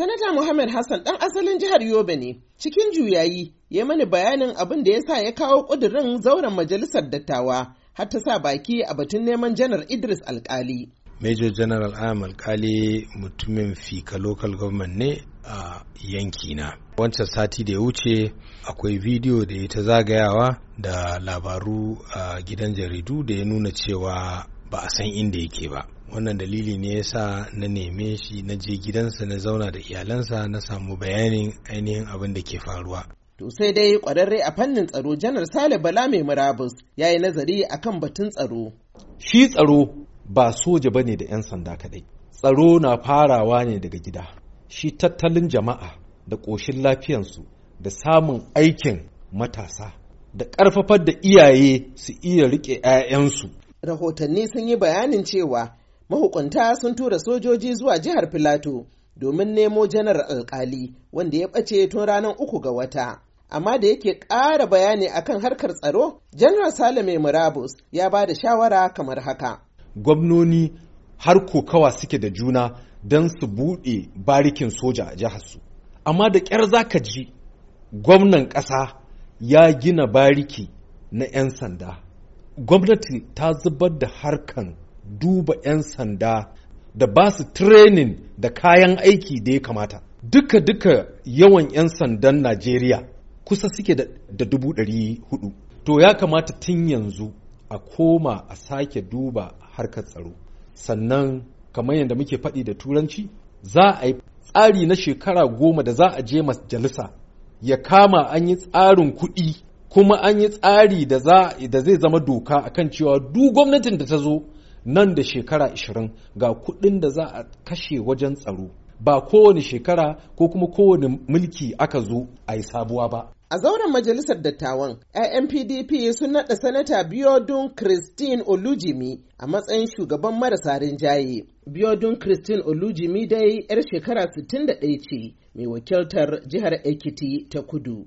Sanata Muhammad Hassan ɗan asalin jihar Yobe ne, cikin juyayi ya mani bayanin abin da ya sa ya kawo ƙudurin zauren majalisar dattawa har ta sa baki a batun neman janar Idris Alkali. Major General Am Alkali mutumin Fika Local Government ne a yankina. Wancan sati da ya wuce akwai bidiyo da ya ta zagayawa da labaru a gidan jaridu da ya nuna cewa ba a san inda yake ba wannan dalili ne yasa na neme shi na je gidansa na zauna da iyalansa na samu bayanin ainihin abin da ke faruwa to sai dai kwararre a fannin tsaro janar sale bala mai murabus ya yi nazari kan batun tsaro shi tsaro ba soja ba ne da 'yan sanda kadai tsaro na farawa ne daga gida shi tattalin jama'a da ƙoshin lafiyansu da samun aikin matasa da ƙarfafar da iyaye su iya riƙe 'ya'yansu rahotanni sun yi bayanin cewa mahukunta sun tura sojoji zuwa jihar filato domin nemo janar alkali wanda ya ɓace tun ranar uku ga wata amma da yake ƙara bayani akan harkar tsaro janar salome murabus ya ba da shawara kamar haka gwamnoni har kokawa suke da juna don su buɗe barikin soja a jiharsu amma da ƙyar za ka ji gwamnan ƙasa ya gina bariki na 'yan sanda gwamnati ta zubar da harkan duba 'yan sanda da ba su training da kayan aiki da ya kamata duka duka yawan 'yan sandan najeriya kusa suke da dubu ɗari hudu to ya kamata tun yanzu a koma a sake duba harkar tsaro sannan kamar yadda muke faɗi da turanci za a yi tsari na shekara goma da za a je majalisa ya kama an yi tsarin kuɗi kuma an yi tsari da da zai zama doka akan cewa duk gwamnatin da ta zo nan da shekara 20 ga kuɗin da za a kashe wajen tsaro ba kowane shekara ko kuma kowane mulki aka zo a yi sabuwa ba. A zauren majalisar dattawan, 'ya'yan PDP sun naɗa sanata Biodun Christine Olujimi a matsayin shugaban marasa rinjaye. Biodun Christine Olujimi dai 'yar shekara 61 ce mai wakiltar jihar Ekiti ta kudu.